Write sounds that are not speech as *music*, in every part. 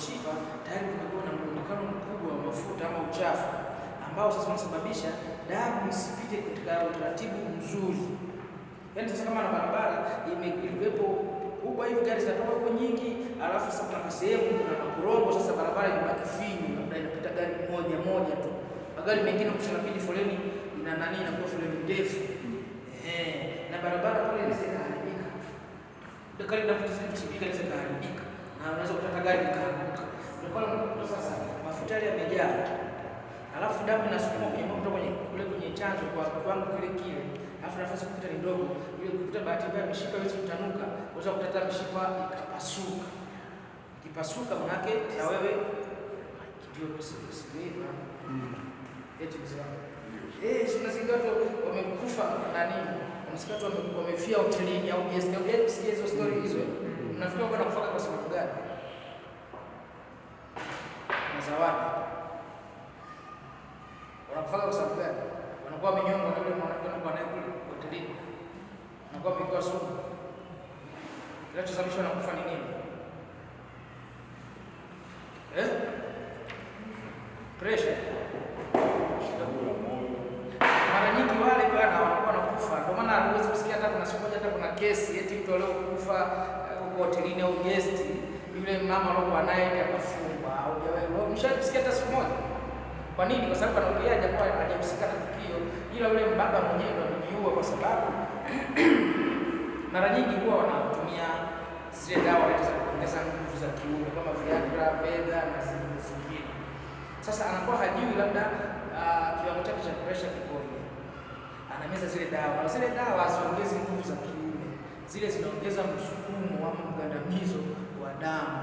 kuchipa, tayari kumekuwa na mrundikano mkubwa wa mafuta ama uchafu ambao sasa unasababisha damu isipite katika utaratibu mzuri. Yaani sasa kama na barabara imekuwepo kubwa hivi gari zinatoka huko nyingi, alafu sasa kuna sehemu kuna makorongo, sasa barabara imebaki finyu, labda inapita gari moja moja tu, magari mengine kushanabidi foleni ina nani, inakuwa foleni ndefu eh, na barabara pale inaweza kuharibika, gari linapochimbika inaweza kuharibika na unaweza kutaka gari likaanguka. Ulikuwa unakuta sasa mafuta yale yamejaa, alafu damu inasukuma kwenye mafuta kwenye kule kwenye chanzo kwa kiwango kile kile, alafu nafasi kupita ni ndogo, ile kupita bahati mbaya mishipa hizo kutanuka, unaweza kutata mishipa ikapasuka. Ikipasuka maana na wewe ndio kusikiliza hmm. eti mzima Eh, si unasikia watu wamekufa na nini? Unasikia watu wamefia hotelini au guest eh, au guest, hizo story hizo. Mnafikiri kwenda kufunga kwa sababu gani? Kuna zawadi. Wanakufunga kwa sababu gani? Wanakuwa wamenyongwa na yule mwanamke anakuwa naye kule hotelini. Wanakuwa wamepewa sumu. Kinachosababisha wanakufa ni nini? Eh? Pressure. Shida moyo. Mara nyingi wale bwana wanakuwa wanakufa. maana huwezi kusikia hata kuna siku moja hata kuna kesi eti mtu aliyokufa hotelini au guest, yule mama alokuwa naye akafungwa au jawewe, mshasikia hata siku moja. Kwa nini? Kwa sababu anaongea kwa hajahusika na tukio, ila yule mbaba mwenyewe ndo anajiua, kwa sababu *clears throat* mara nyingi huwa wanatumia zile dawa za kuongeza nguvu za kiume kama Viagra, Beda na zingine. Sasa anakuwa hajui labda ah, kiwango chake cha pressure kikoje, anameza zile dawa. Zile dawa haziongezi nguvu za kiume, zile zinaongeza msukumo wa mkandamizo wa damu.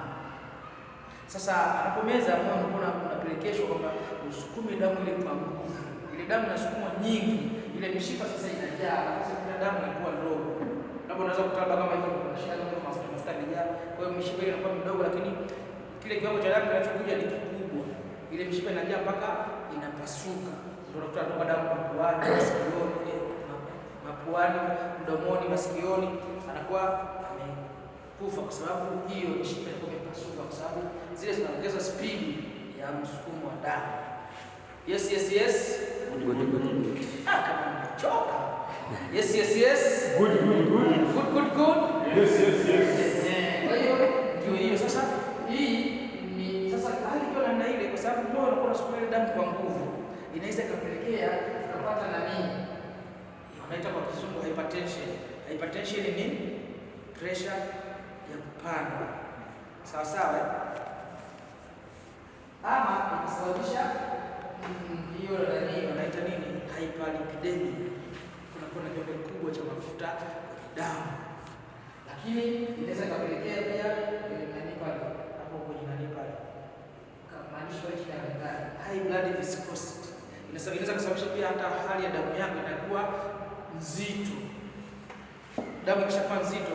Sasa anapomeza moyo unapelekeshwa kwamba usukume damu ile kwa nguvu, ile damu inasukumwa nyingi, ile mishipa sasa inajaa, sasa damu inakuwa ndogo, labda unaweza kutaba kama hivyo, mafuta mafuta yamejaa, kwa hiyo mishipa ile inakuwa midogo, lakini kile kiwango cha damu kinachokuja ni kikubwa, ile mishipa inajaa mpaka inapasuka, ndio unakuta tunatoka damu mapuani, masikioni, eh, mapuani, mdomoni, masikioni, anakuwa kufa, kwa sababu hiyo mishipa ilikuwa imepasuka, kwa sababu zile zinaongeza spidi ya msukumo wa damu. Yes, yes, yes, ah, choka. Yes, yes, yes, good, good, good, good, good, good. Yes, yes, yes. Eh, kwa hiyo ndio hiyo sasa. Hii ni sasa hali kwa namna ile, kwa sababu moyo unakuwa unasukuma ile damu kwa nguvu, inaweza ikapelekea ukapata nani wanaita kwa kizungu hypertension. Hypertension ni pressure ya kupanda sawa sawa, eh? ama kusababisha mm, hiyo nani wanaita nini, hyperlipidemia, Kuna kuna kiwango kikubwa cha mafuta kwenye damu, lakini inaweza ikapelekea pia nani pale hapo kwenye nani pale kamaanishwa hichi damu, high blood viscosity inaweza kusababisha pia hata hali ya damu yako inakuwa nzito. Damu ikishakuwa nzito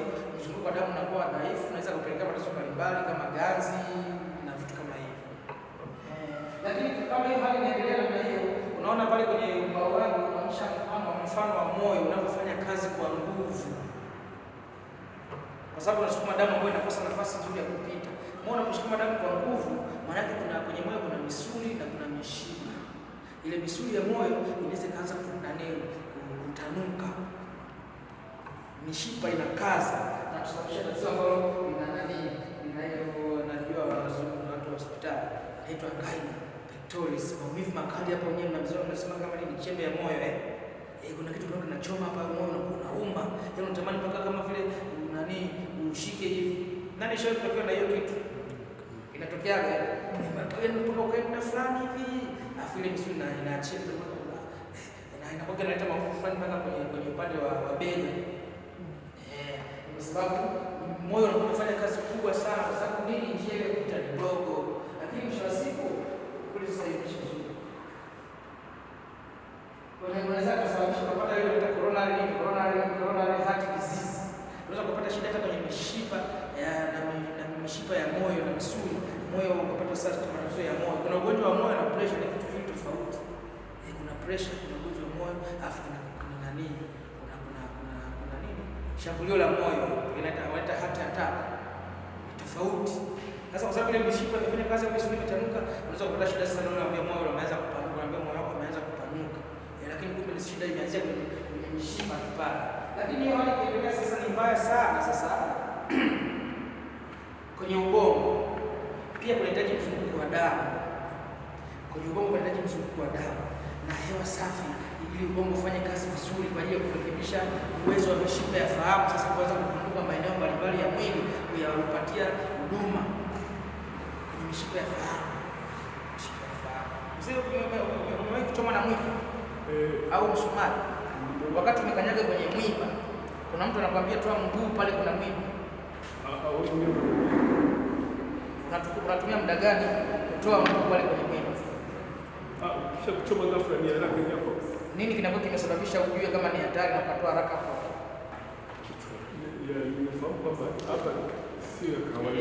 mzunguko wa damu unakuwa dhaifu, unaweza kupelekea matatizo mbalimbali kama ganzi na vitu kama hivyo. Eh, lakini kama hiyo hali inaendelea namna hiyo, unaona pale kwenye ubao wangu unaonyesha mfano wa mfano wa moyo unavyofanya kazi kwa nguvu, kwa sababu unasukuma damu ambayo inakosa nafasi nzuri ya kupita. Mbona unasukuma damu kwa nguvu? Maana yake kuna kwenye moyo kuna misuli na kuna mishipa. Ile misuli ya moyo inaweza ikaanza kutanuka, mishipa inakaza kusababisha tatizo maumivu makali hapo wenyewe mnamzona mnasema kama nini, chembe ya moyo eh, kuna kitu kidogo kinachoma hapa moyo na unauma, yaani unatamani mpaka kama vile nani ushike hivi. Nani shauri kutokea na hiyo kitu inatokea gani? Mpaka ukaenda fulani hivi afu ile misuli na inaachia kidogo na inakuwa inaleta maumivu fulani mpaka kwenye upande wa bega sababu moyo unafanya kazi kubwa sana, kwa sababu nini, njia ile kuta ni ndogo, lakini mwisho wa siku kulisaidishi vizuri unaweza kusababisha kupata ile inaitwa coronary coronary coronary heart disease. Unaweza kupata shida hata kwenye mishipa na na mishipa ya moyo na misuli moyo, ukapata sasa matatizo ya moyo. Kuna ugonjwa wa moyo na pressure, ni vitu viwili tofauti. Eh, kuna pressure, kuna ugonjwa wa moyo afu kuna nani shambulio la moyo inaleta heart attack tofauti. Sasa kwa sababu ile mishipa inafanya kazi ya misuli imetanuka, unaweza kupata shida sana, na unaambia moyo umeanza kupanuka, unaambia moyo wako umeanza kupanuka, lakini kumbe ni shida imeanzia kwenye mishipa kipara. Lakini hiyo hali ikiendelea sasa ni mbaya sana. Sasa *clears throat* kwenye ubongo pia kunahitaji mzunguko wa damu, kwenye ubongo kunahitaji mzunguko wa damu na hewa safi ili ubongo ufanye kazi vizuri kwa ajili ya kurekebisha uwezo wa mishipa ya fahamu, sasa kuweza kukumbuka maeneo mbalimbali ya mwili kuyapatia huduma kwenye mishipa ya fahamu. Mishipa ya fahamu, mzee, umewahi kuchomwa na mwiba eh. au msumari? Wakati umekanyaga kwenye mwiba, kuna mtu anakuambia toa mguu pale, kuna mwiba. Ah, ah, unatumia muda gani kutoa mguu pale kwenye mwiba? Ah, nini kinakuwa kimesababisha ujue kama ni hatari na ukatoa haraka hapo?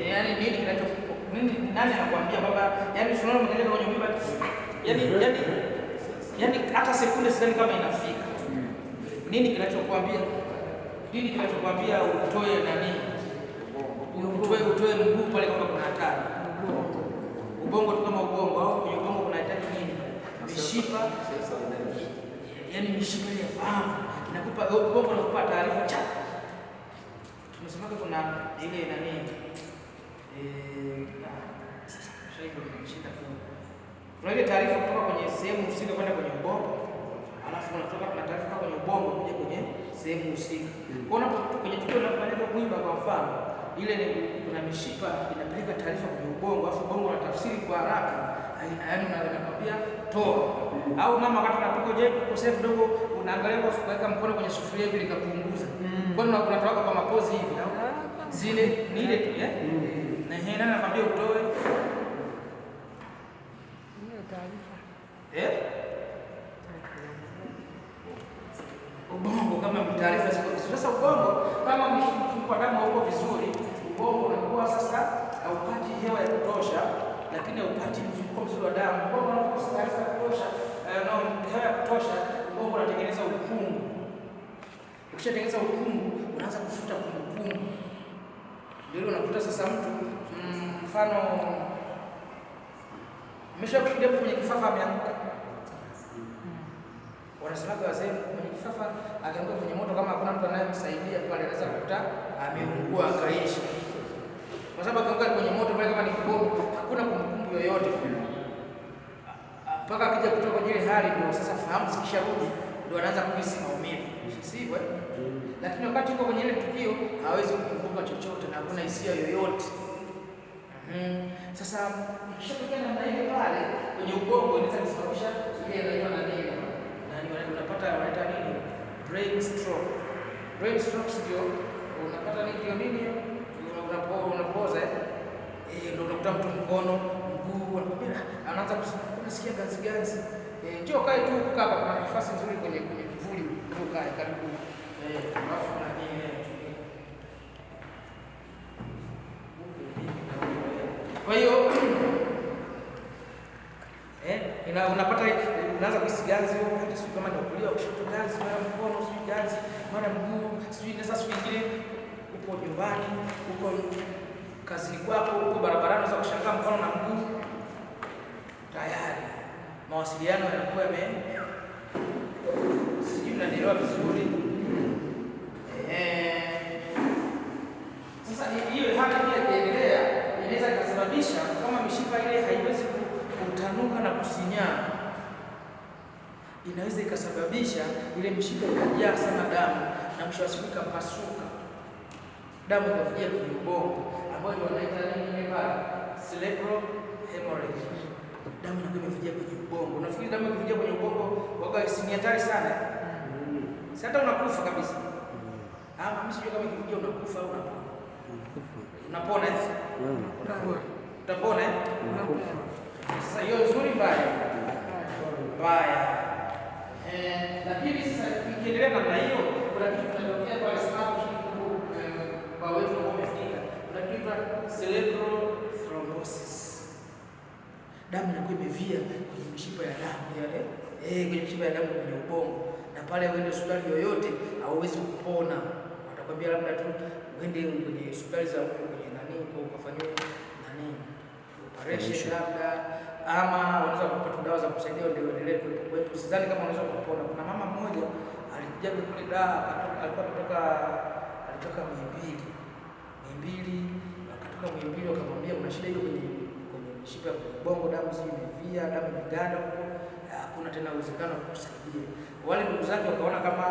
Yaani nini kinacho nini, nani anakuambia baba? Yaani sunana mwenyewe kwenye mimba, yaani yaani yaani hata sekunde sidhani kama inafika. Nini kinachokuambia nini kinachokuambia utoe nani, utoe utoe mguu pale kama kuna hatari? Ubongo tu kama ubongo au kwenye ubongo kuna kunahitaji nini? Mishipa yaani mishipa ya fahamu inakupa ubongo, unakupa taarifa cha tunasemaga, kuna ile nani eh, sasa shaibu kimshinda kwa kuna ile taarifa kutoka kwenye sehemu husika kwenda kwenye ubongo, alafu unatoka kuna taarifa kwenye ubongo kuja kwenye sehemu husika. Mm. Kwa hiyo kwenye tukio la unapeleka kuimba, kwa mfano ile, ni kuna mishipa inapeleka taarifa kwenye ubongo, alafu ubongo unatafsiri kwa haraka yaani unakwambia toa. Au mama wakati unapika je, ukosea kidogo unaangalia kwa kuweka mkono kwenye sufuria hivi likapunguza. Mm. Kwa nini kwa mapozi hivi? Zile ni ile tu, eh? ukishatengeza ukungu unaanza kufuta kumbukumbu. Ndio unakuta sasa mtu mm, mfano mmeshakuingia kwenye kifafa ameanguka, hmm. wanasemaga wazee kwenye kifafa akianguka kwenye moto, kama hakuna mtu anayemsaidia pale, anaweza kukuta ameungua akaisha, kwa sababu akianguka kwenye moto pale, kama ni kibovu, hakuna kumbukumbu yoyote hmm. mpaka akija kutoka kwenye ile hali, ndio sasa fahamu zikisharudi ndio anaanza kuhisi maumivu, si hivyo? Lakini wakati uko kwenye ile tukio hawezi kukumbuka chochote na hakuna hisia yoyote. Mm. Sasa ikishatokea namna ile pale kwenye ubongo inaweza kusababisha ile inaitwa nani, na ni wale unapata wanaita nini, brain stroke. Brain stroke sio unapata nini, hiyo nini unapoza eh? eh, ndio unakuta mtu mkono mguu ah, anaanza kusikia ganzi ganzi eh, njoo kae tu huko hapa, kuna nafasi nzuri kwenye kwenye kivuli, njoo kae karibu eh, alafu na nini kwa hiyo *clears throat* eh, ina unapata unaanza kuhisi ganzi huko, sio kama ni kulia kushoto ganzi, mara mkono sio ganzi, mara mguu sio, na sasa nyingine uko nyumbani, uko kazini kwako, uko barabarani, unaweza kushangaa mkono na mguu tayari mawasiliano yanakuwa yame, sijui mnanielewa vizuri eee. Sasa hiyo hali pia ikiendelea inaweza ikasababisha kama mishipa ile haiwezi kutanuka na kusinyaa, inaweza ikasababisha ile mishipa ikajaa sana damu na mwisho wa siku ikapasuka, damu ikafikia kwenye ubongo ambayo ndio wanaita nini pale, cerebral hemorrhage damu inakuwa imevuja kwenye ubongo. Unafikiri damu ikivuja kwenye ubongo waga ni hatari sana. Mm. Sasa unakufa kabisa. Mm. Ah, mimi sijui kama ikivuja unakufa au unapona. Unapona hivi? Mm. Utapona eh? Unakufa. Sasa hiyo nzuri mbaya. Mbaya. Eh, lakini sasa ikiendelea namna hiyo kuna kitu kinatokea kwa sababu shirika eh, kwa wetu ambao umefikia. Kuna kitu cerebral damu inakuwa imevia kwenye mishipa ya damu yale, eh, kwenye mishipa ya damu kwenye ubongo, na pale uende hospitali yoyote hauwezi kupona. Watakwambia labda tu uende kwenye hospitali za huko kwenye nani huko ukafanywe nani operation labda, ama wanaweza kupata dawa za kusaidia ndio endelee kuwepo kwetu. Sidhani kama unaweza kupona. Kuna mama mmoja alikuja kule da, alikuwa kutoka alitoka mbili Muhimbili, mbili, akatoka mbili, wakamwambia kuna shida hiyo kwenye mishipa ya bongo, damu zimevia, damu imeganda huko, hakuna tena uwezekano wa kusaidia. Wale ndugu zake wakaona kama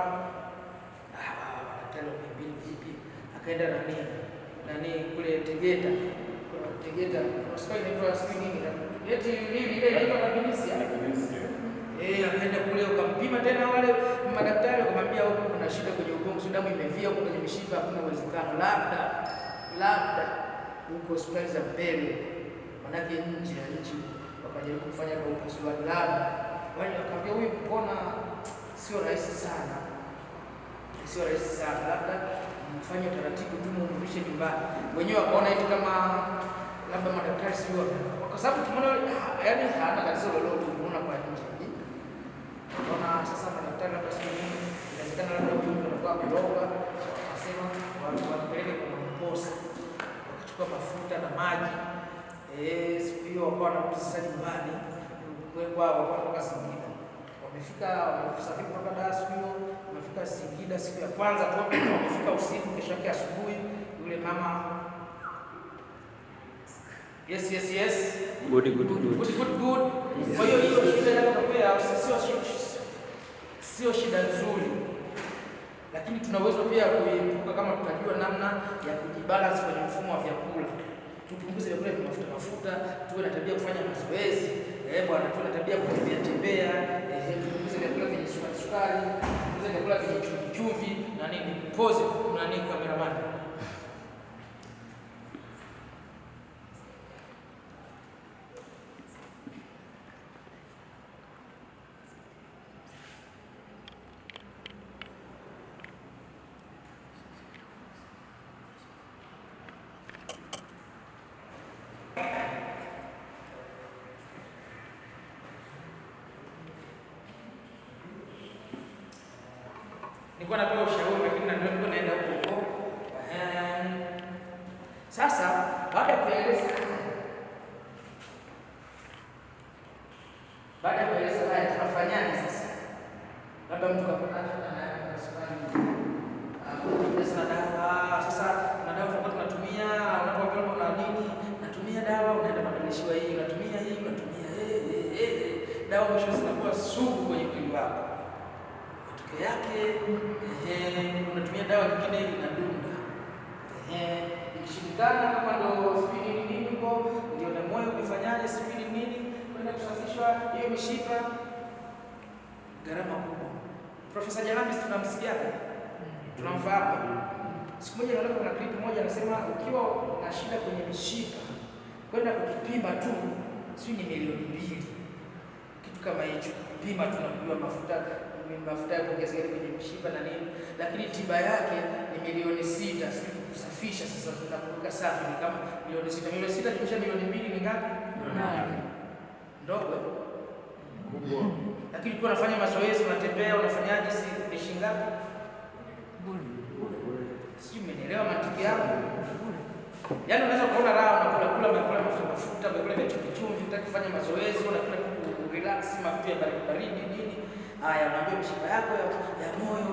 tena ah, mbili vipi, akaenda nani nani kule Tegeta, Tegeta hospitali inaitwa sijui nini eti hivi ile inaitwa Kabilisia, ah. eh. eh, akaenda kule ukampima tena wale madaktari wakamwambia, huko kuna shida kwenye ubongo, damu imevia huko kwenye mishipa, hakuna uwezekano, labda labda huko hospitali za mbele manake nje ya nchi wakajaribu kufanya kwa upasuaji, labda wakambia huyu kupona sio rahisi sana, sio rahisi sana, labda mfanye utaratibu tu mrudishe nyumbani. Wenyewe wakaona eti kama labda madaktari sio, kwa sababu tumeona yaani hana tatizo lolote, unaona kwa nje wakaona sasa madaktari labda sio nini, inawezekana labda huyu mtu anakuwa kuroga, akasema wampeleke kwa mposa, wakachukua mafuta na maji eh, siku hiyo wakawa wanakuta nyumbani kwa kutoka Singida wamefika wamesafiri kutoka Dar siku hiyo wamefika Singida siku ya kwanza tu wamefika usiku, kesho yake asubuhi yule mama yes yes yes good good good good good good. Kwa hiyo hiyo shida inatokea, sio sio shida nzuri lakini tuna pia kuepuka kama tutajua namna ya kujibalance kwenye mfumo wa vyakula tupunguze vyakula vya mafuta mafuta, tuwe na tabia kufanya mazoezi eh, bwana, tuwe na tabia kutembea tembea, eh, eh, tupunguze vyakula vyenye sukari sukari, tupunguze vyakula vyenye chumvi chumvi na nini. Pose na nini, kameramani Tulikuwa no ushauri, lakini naenda kuokoka kukutana kama ndo sipidi nini huko, ndio na moyo kufanyaje, sipidi nini kwenda kusafishwa hiyo mishipa, gharama kubwa. Profesa Janabi tunamsikia tunamfahamu. Siku moja naona kuna clip moja anasema ukiwa na shida kwenye mishipa kwenda kukipima tu sio ni milioni mbili, kitu kama hicho, pima tu na kujua mafuta mafuta ya kuongeza ili kwenye mshipa na nini, lakini tiba yake ni milioni sita. Sisi kusafisha sasa tunakuruka safi ni kama milioni sita, milioni sita kisha milioni mbili ni ngapi? Nane. Ndogo kubwa. Lakini kwa unafanya mazoezi, unatembea, unafanyaje, si ni shingapi? ngapi? Sijui mmenielewa mantiki yangu? Yaani unaweza kuona raha unakula kula unakula mafuta mafuta, unakula vitu vichumvi, unataka kufanya mazoezi, unakula relax, mafuta ya baridi baridi nini Haya, mwambie mishipa yako ya ya moyo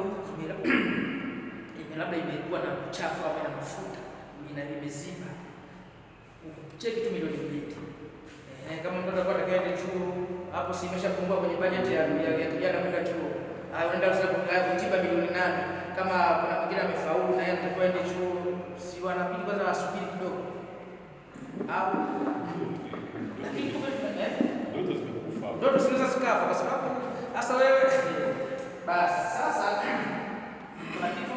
*clears throat* labda imekuwa na uchafu au na mafuta ina imeziba, cheki tu milioni mbili. Eh, kama mtoto atakuwa atakaenda chuo hapo, si imeshapungua kwenye bajeti ya ya kijana kwenda chuo, Haya, ah, unaenda sasa kutiba milioni nane. Kama kuna mwingine amefaulu na yeye atakuwa aende chuo, si wanabidi kwanza wasubiri kidogo, au lakini kwa ndoto zinaweza zikafa kwa sababu sasa wewe basi, sasa kuna kitu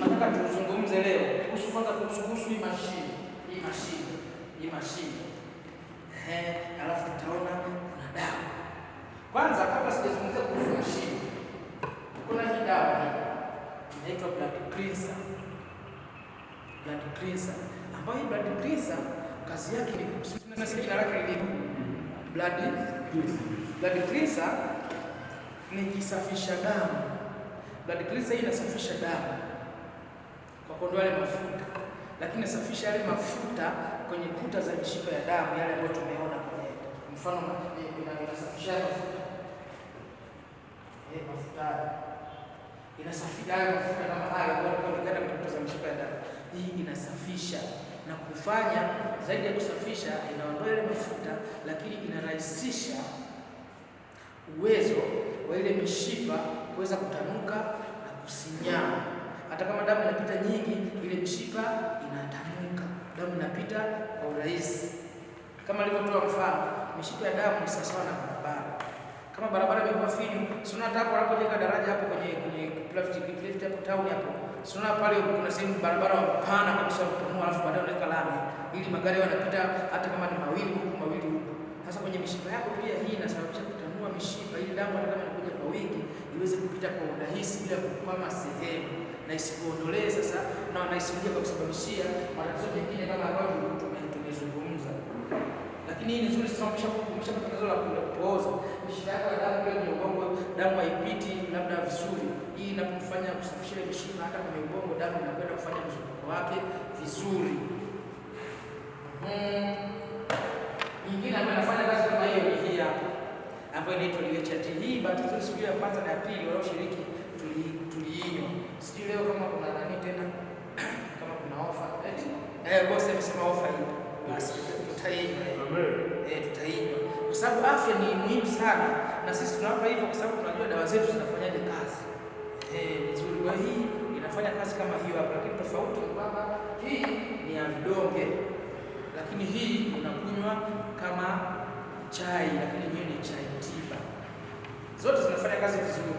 nataka tuzungumze leo kuhusu, kwanza kuhusu hii mashine hii mashine hii mashine eh, alafu tutaona kuna dawa. Kwanza kabla sijazungumzia kuhusu mashine, kuna hii dawa hii inaitwa blood cleanser, blood cleanser ambayo hii blood cleanser kazi yake ni blood blood cleanser ni kisafisha damu. Blood cleanser hii inasafisha damu kwa kuondoa yale mafuta, lakini inasafisha yale mafuta kwenye kuta za mishipa ya damu, yale ambayo tumeona kwenye mfano, inasafisha mafuta eh, mafuta inasafisha hayo mafuta kama hayo ambayo yanayoonekana kwenye kuta za mishipa ya damu. Hii inasafisha na kufanya zaidi ya kusafisha, inaondoa yale mafuta, lakini inarahisisha uwezo wa ile mishipa kuweza kutanuka na kusinyaa. Hata kama damu inapita nyingi, ile mishipa inatanuka, damu inapita kwa urahisi. Kama nilivyotoa mfano, mishipa ya damu ni sawasawa na barabara. Kama barabara imekuwa finyu, si unataka hapo unapojenga daraja hapo kwenye kwenye plastic lift hapo town hapo, si unaona pale kuna sehemu barabara pana kabisa kupanua, alafu baadaye unaweka lami ili magari yanapita, hata kama ni mawili huku mawili huku. Sasa kwenye mishipa yako pia hii inasababisha kuwa mishipa ili damu hata kama inakuja kwa wingi iweze kupita kwa urahisi bila kukwama sehemu na isikuondolee sasa na naisikia kwa kusababishia matatizo mengine kama ambayo tumezungumza. Lakini hii ni nzuri sana, umesha tatizo la kupooza mishipa yako ya damu ile kwenye ubongo, damu haipiti labda vizuri. Hii inapofanya kusafisha ile mishipa hata kwenye ubongo, damu inakwenda kufanya mzunguko wake vizuri. Mm. Nyingine ambayo inafanya kazi kama hiyo ambayo inaitwa chati hii. Bahati nzuri siku ya kwanza na ya pili walioshiriki tuliinywa, sijui leo kama kuna nani tena, *clears throat* kama kuna ofa eh, eh boss amesema ofa hii, basi tutainywa, eh, tutainywa kwa sababu afya ni muhimu sana, na sisi tunawapa hivyo kwa sababu tunajua dawa zetu zinafanyaje kazi eh, vizuri. Kwa hii inafanya kazi kama hiyo hapa, lakini tofauti ni kwamba hii ni ya vidonge, lakini hii unakunywa kama chai, lakini yenyewe ni chai tiba. Zote zinafanya kazi vizuri,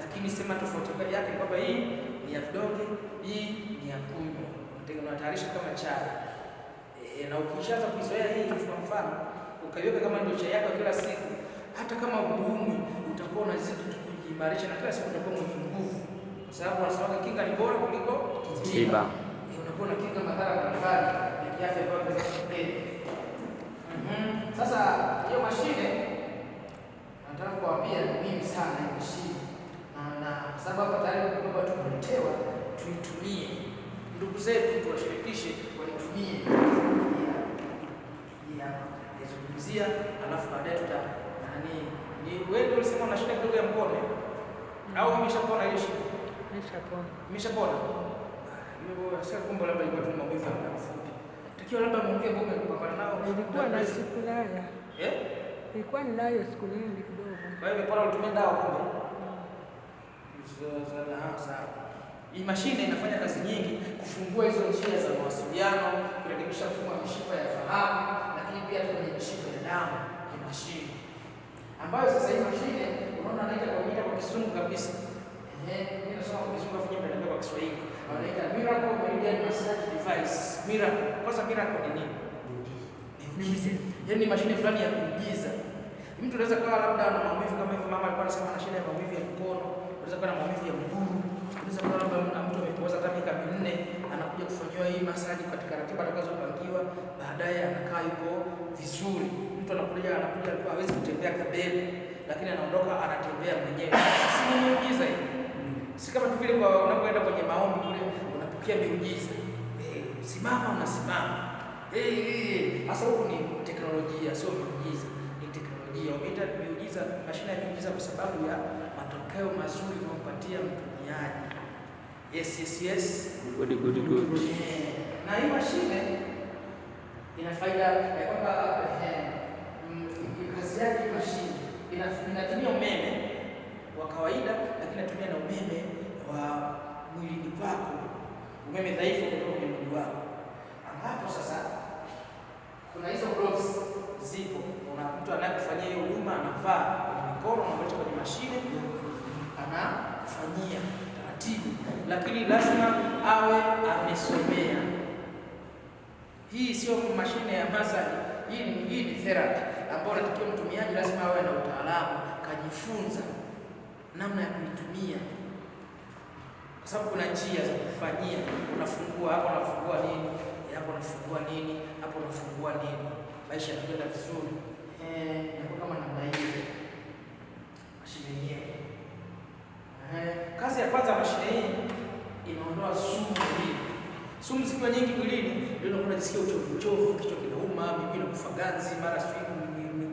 lakini sema tofauti yake ni kwamba hii ni ya vidonge, hii ni ya kunywa, unatayarisha kama chai e, na ukishaanza kuizoea hii, kwa mfano ukaiweka kama ndio chai yako kila siku, hata kama uumwi utakuwa unazidi kujiimarisha na kila siku utakuwa mwenye nguvu, kwa sababu wanasema kinga ni bora kuliko tiba. Eh, unakuwa na kinga madhara mbalimbali ya kiafya ambayo sasa hiyo mashine nataka kuambia ni muhimu sana hiyo mashine, na na sababu tayari kwamba tumeletewa tuitumie, ndugu zetu tuwashirikishe waitumie yazungumzia, alafu baadaye tuta nani, ni wewe ndio ulisema una shida kidogo ya mkono eh? mm. au umeshapona ah, hiyo shida? Umeshapona, Nimeshapona. Hiyo sasa kumbe labda ilikuwa tu maumivu ya muda mfupi. Tukio labda nao na siku Eh? siku nyingi kidogo. Kwa hiyo ulitumia dawa kumbe. Ah, hii mashine inafanya kazi nyingi kufungua hizo njia za mawasiliano, kurekebisha mfumo wa mishipa ya fahamu, lakini pia kwenye mishipa ya damu ya mashine ambayo sasa hii mashine unaona anaita kwa jina kwa Kisungu kabisa. mimi kwa kwa Kiswahili. anaita miracle meridian massage device miracle. Kwanza miracle ni nini? Miujiza. Yaani mashine fulani ya miujiza. Mtu anaweza kuwa labda ana maumivu kama hivi, mama alikuwa anasema ana shida ya maumivu ya mkono, anaweza kuwa na maumivu ya mguu, anaweza kuwa labda mtu amepooza kama miaka minne, anakuja kufanyiwa hii masaji katika ratiba atakazopangiwa, baadaye anakaa yuko vizuri. Mtu anakuja anakuja alikuwa hawezi kutembea kabele, lakini anaondoka anatembea mwenyewe. Si miujiza hiyo? Mm. Si kama tu vile unapoenda kwenye maombi kule unapitia miujiza simama unasimama. Sasa huku ni teknolojia, sio miujiza, ni teknolojia. Umeita miujiza mashine ya miujiza kwa sababu ya matokeo mazuri unaompatia mtumiaji. Yes, yes, yes. Good, good, good. Eh, na hii mashine ina faida ya kwamba eh, mm, kazi yake mashine inatumia umeme wa kawaida, lakini inatumia na umeme wa mwilini kwako, umeme dhaifu kutoka kuna hizo gloves zipo, kuna mtu anayekufanyia hiyo huduma anavaa kwenye mikono, analeta kwenye mashine, anafanyia taratibu, lakini lazima awe amesomea. Hii sio mashine ya masaji, hii ni hii ni therapy ambayo natakiwa mtumiaji lazima awe na utaalamu, kajifunza namna ya kuitumia kwa sababu kuna njia za kufanyia, unafungua hapo, unafungua nini hapo, unafungua nini hapo nafungua nini, maisha yanakwenda vizuri. eh, kama namna hiyo mashine yenyewe. Eh, kazi ya kwanza ya mashine hii inaondoa sumu mwilini. Sumu zikiwa nyingi mwilini, ndio unakuwa unajisikia uchovu uchovu, kichwa kinauma, miguu inakufa ganzi, mara sijui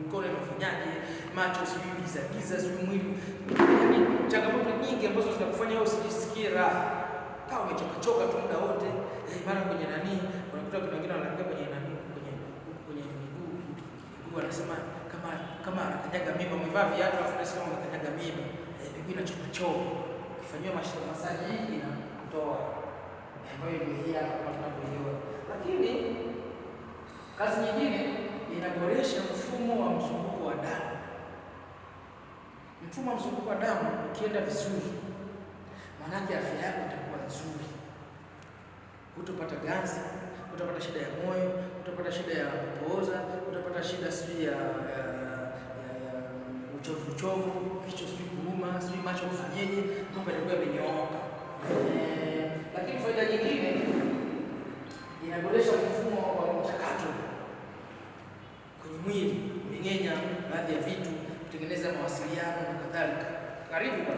mikono inafanyaje, macho sijui giza giza, sijui mwili, yaani, changamoto nyingi ambazo zinakufanya wewe usijisikie raha kama umechokachoka tu muda wote eh, mara kwenye nani, unakuta kuna wengine wanakaa kwenye nani, kwenye kwenye miguu miguu, anasema kama kama anakanyaga mimba, umevaa viatu afu unasema unakanyaga mimba eh, miguu inachokachoka, ukifanyiwa masaji hii inamtoa, ambayo ndio hii hapa kama tunavyoiona. Lakini kazi nyingine inaboresha mfumo wa mzunguko wa damu. Mfumo wa mzunguko wa damu ukienda vizuri, maanake afya yako itakuwa nzuri, hutopata ganzi, hutapata shida ya moyo, utapata shida ya kupooza, utapata shida sijui ya uchovu, uchovu kichwa, sijui kuuma, sijui macho kufanyeje, mambo yanakuwa yamenyooka. Eh, lakini faida nyingine, inaboresha mfumo wa mchakato kwenye mwili, meng'enya baadhi ya vitu, kutengeneza mawasiliano na kadhalika. Karibu.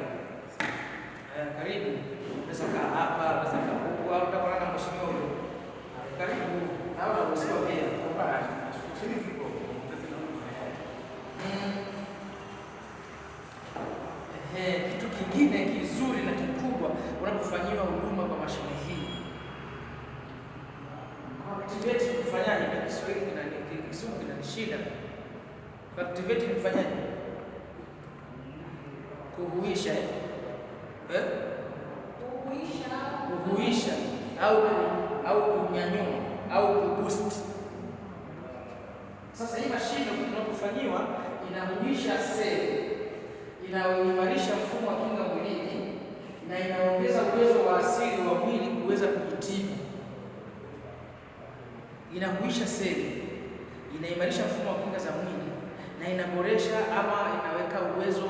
seli inayoimarisha mfumo wa kinga mwilini na inaongeza uwezo wa asili wa mwili kuweza kujitibu. Inahuisha seli, inaimarisha mfumo wa kinga za mwili na inaboresha ama inaweka uwezo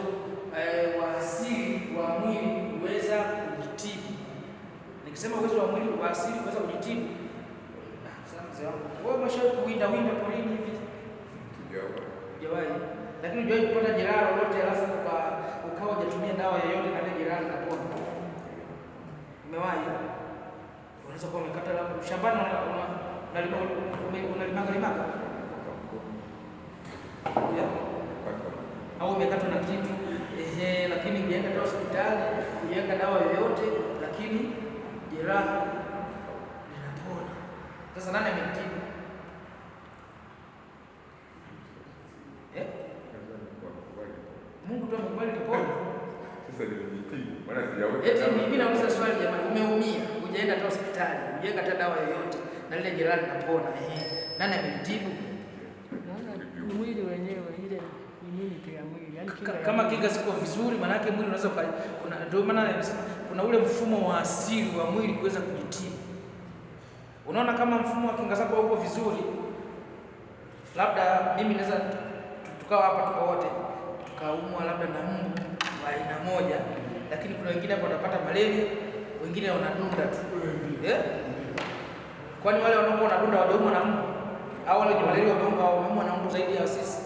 e, wa asili wa mwili kuweza kujitibu. Nikisema uwezo wa mwili wa asili kuweza kujitibu, ah, mzee wangu, wewe umeshawahi kuwinda winda porini hivi? Sijawahi. Lakini hujawahi kupata jeraha lolote halafu ukawa hujatumia dawa yoyote na jeraha likapona? Umewahi? Unaweza kuwa umekata labda shambani unalimaka limaka au umekata na kitu ehe, lakini ujaenda ta hospitali kuiweka dawa yoyote, lakini jeraha linapona. Sasa nani amemtibu? eti mimi nauliza swali jamani, umeumia hujaenda hata hospitali hujaenda hata dawa yoyote, na lile jeraha napona eh, nani amemtibu? Mwili wenyewe ile mwili, kinga, kama kinga siko vizuri, maanake mwili unaweza kuna, ndio maana kuna ule mfumo wa asili wa mwili kuweza kujitibu. Unaona, kama mfumo wa kinga zako uko vizuri, labda mimi naweza tukawa hapa tuka wote tukaumwa labda na mbu wa aina moja lakini kuna wengine ambao wanapata malaria, wengine wanadunda tu yeah? Eh? Kwani wale wanaomba wanadunda wameumwa na mbu au wale wenye malaria wameumwa na mbu zaidi ya sisi?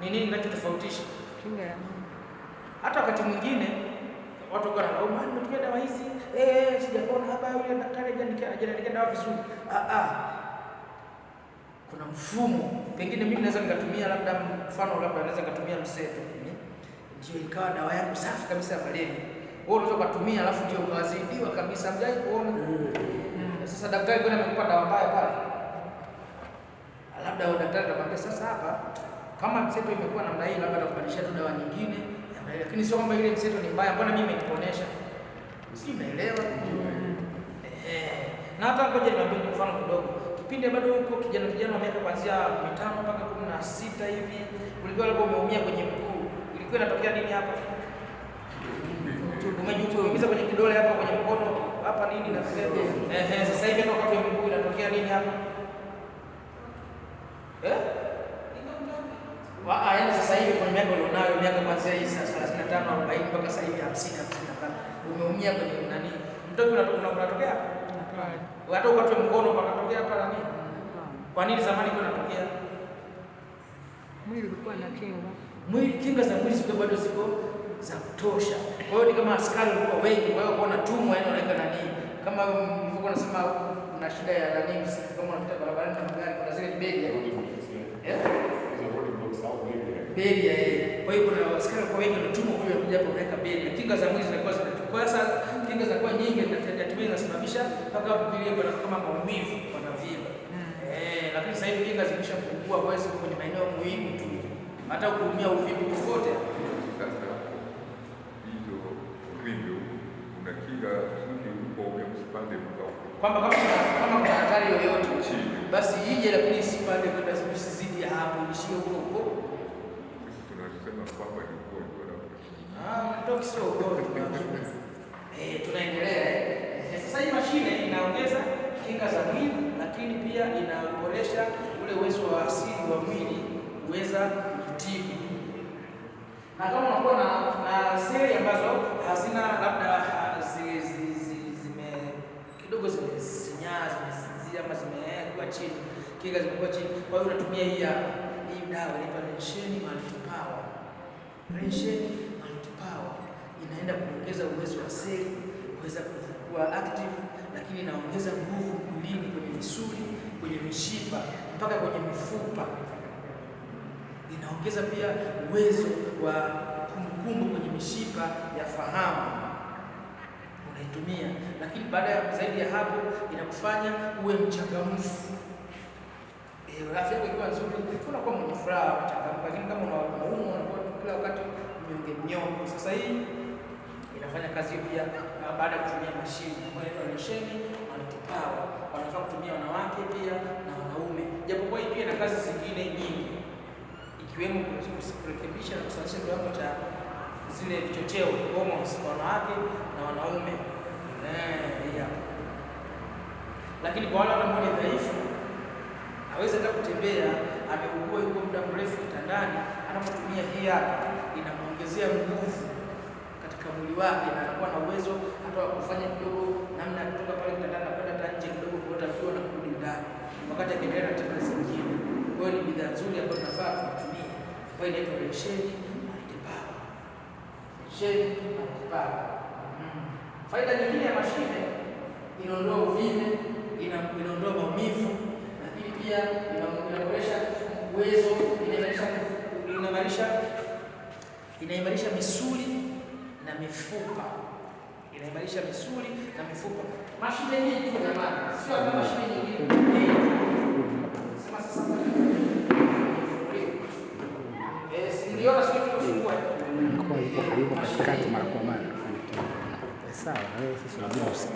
Ni nini kinachotofautisha? Hata wakati mwingine watu kwa wanauma, oh, nimetumia dawa hizi eh, eh sijapona hapa, yule daktari hajaniandikia dawa vizuri. Ah ah, kuna mfumo. Pengine mimi naweza nikatumia labda, mfano labda naweza nikatumia mseto ndio ikawa dawa yako safi kabisa ya malaria. Wewe unaweza kutumia alafu ndio ukazidiwa kabisa, mjai kuona. mm. Sasa daktari kwenda amekupa dawa mbaya pale, labda daktari atakwambia sasa, hapa kama mseto imekuwa namna hii, labda atakubadilisha tu dawa nyingine, lakini sio kwamba ile mseto ni mbaya, mbona mimi imeniponyesha? Si unaelewa? Mm. Eh, na hata ngoja niwaambie mfano kidogo. Kipindi bado uko kijana kijana wa miaka kuanzia 15 mpaka 16 hivi, ulikuwa labda umeumia kwenye mkono ikiwa inatokea nini hapa? Umejuta kwenye kidole hapa, kwenye mkono hapa nini na sasa eh, eh, sasa hivi ndio wakati wa mguu inatokea nini hapa? Eh? Wa ah, ayi yaani sasa hivi kwa miaka ulionayo miaka kuanzia hii sasa 35 40 mpaka sasa hivi 50 55. Umeumia kwenye nani? Mtoki Mtoto unatokea hapa. Hata ukatwe mkono pakatokea hapa nani? Kwa nini zamani kuna tokea? Mwili ulikuwa na kinga mwili, kinga za mwili zote bado ziko za kutosha. Kwa hiyo ni kama askari walikuwa wengi, kwa hiyo kuna tumwa yani unaweka nani, kama mfuko unasema una shida ya nani, usiku kama unapita barabarani na magari, kuna zile begi eh? bedi ya yeye. Kwa hiyo kuna askari kwa wengi, wanatumwa huyo anakuja hapo, unaweka bedi, kinga za mwili zinakuwa zinachukua sasa, kinga kwa nyingi, na natumia inasababisha mpaka vile kama maumivu kwa navio mm. eh, lakini sasa hivi kinga zimeshapungua, kwa hiyo kwenye maeneo muhimu tu hata kuumia uvivu popote. Sasa hizo uvivu una kinga zuri upo usipande mkao, kwamba kama kama kuna hatari yoyote basi ije, lakini isipande kwenda zidi hapo, ishie huko huko. Tunasema kwamba ni ugonjwa na ah, mtoki, sio ugonjwa. *laughs* Eh, tunaendelea. Eh. eh. Sasa hii mashine inaongeza kinga za mwili, lakini pia inaboresha ule uwezo wa asili wa mwili kuweza kutibu. na kama unakuwa na, na siri ambazo hazina labda zime kidogo zimesinyaa zimesinzia ama zimekuwa chini, kinga zimekuwa chini, kwa hiyo unatumia hii hii dawa inaitwa Rensheni Multi Power. Rensheni Multi Power inaenda kuongeza uwezo wa seli kuweza kuwa active, lakini inaongeza nguvu mwilini, kwenye misuli, kwenye mishipa, mpaka kwenye mifupa. Inaongeza pia uwezo wa kumbukumbu kwenye mishipa ya fahamu, unaitumia. Lakini baada ya zaidi ya hapo, inakufanya uwe mchangamfu. Eh, Afya yako ikiwa nzuri, unakuwa mwenye furaha, mchangamfu. Lakini kama unaumwa, unakuwa kila wakati mnyonge mnyonge. Sasa hii inafanya kazi pia baada ya kutumia mashine mashine wanatupawa wanafaa kutumia wanawake pia na wanaume, japokuwa hii pia ina kazi zingine nyingi ikiwemo kurekebisha na kusawazisha kiwango cha zile vichocheo hormones kwa wanawake na wanaume yeah. Lakini kwa wale ambao ni dhaifu, hawezi hata kutembea, ameugua, yuko muda mrefu kitandani, anapotumia hii hapa inamwongezea nguvu katika mwili wake, na anakuwa na uwezo hata wa kufanya kidogo namna ya kutoka pale kitandani na hata nje kidogo kuota kiwa na kurudi ndani, wakati akiendelea na tendo zingine. Kwa hiyo ni bidhaa nzuri ambayo tunafaa kutumia ambayo inaitwa pensheni matibabu. Mm-hmm. Pensheni matibabu. Mm-hmm. Faida nyingine ya mashine, inaondoa uvime, inaondoa maumivu, lakini pia inaboresha uwezo, inaimarisha inaimarisha misuli na mifupa, inaimarisha misuli na mifupa. Mashine hii tu jamani, sio kama mashine nyingine. tuko katikati mara kwa mara. Sawa, wewe sasa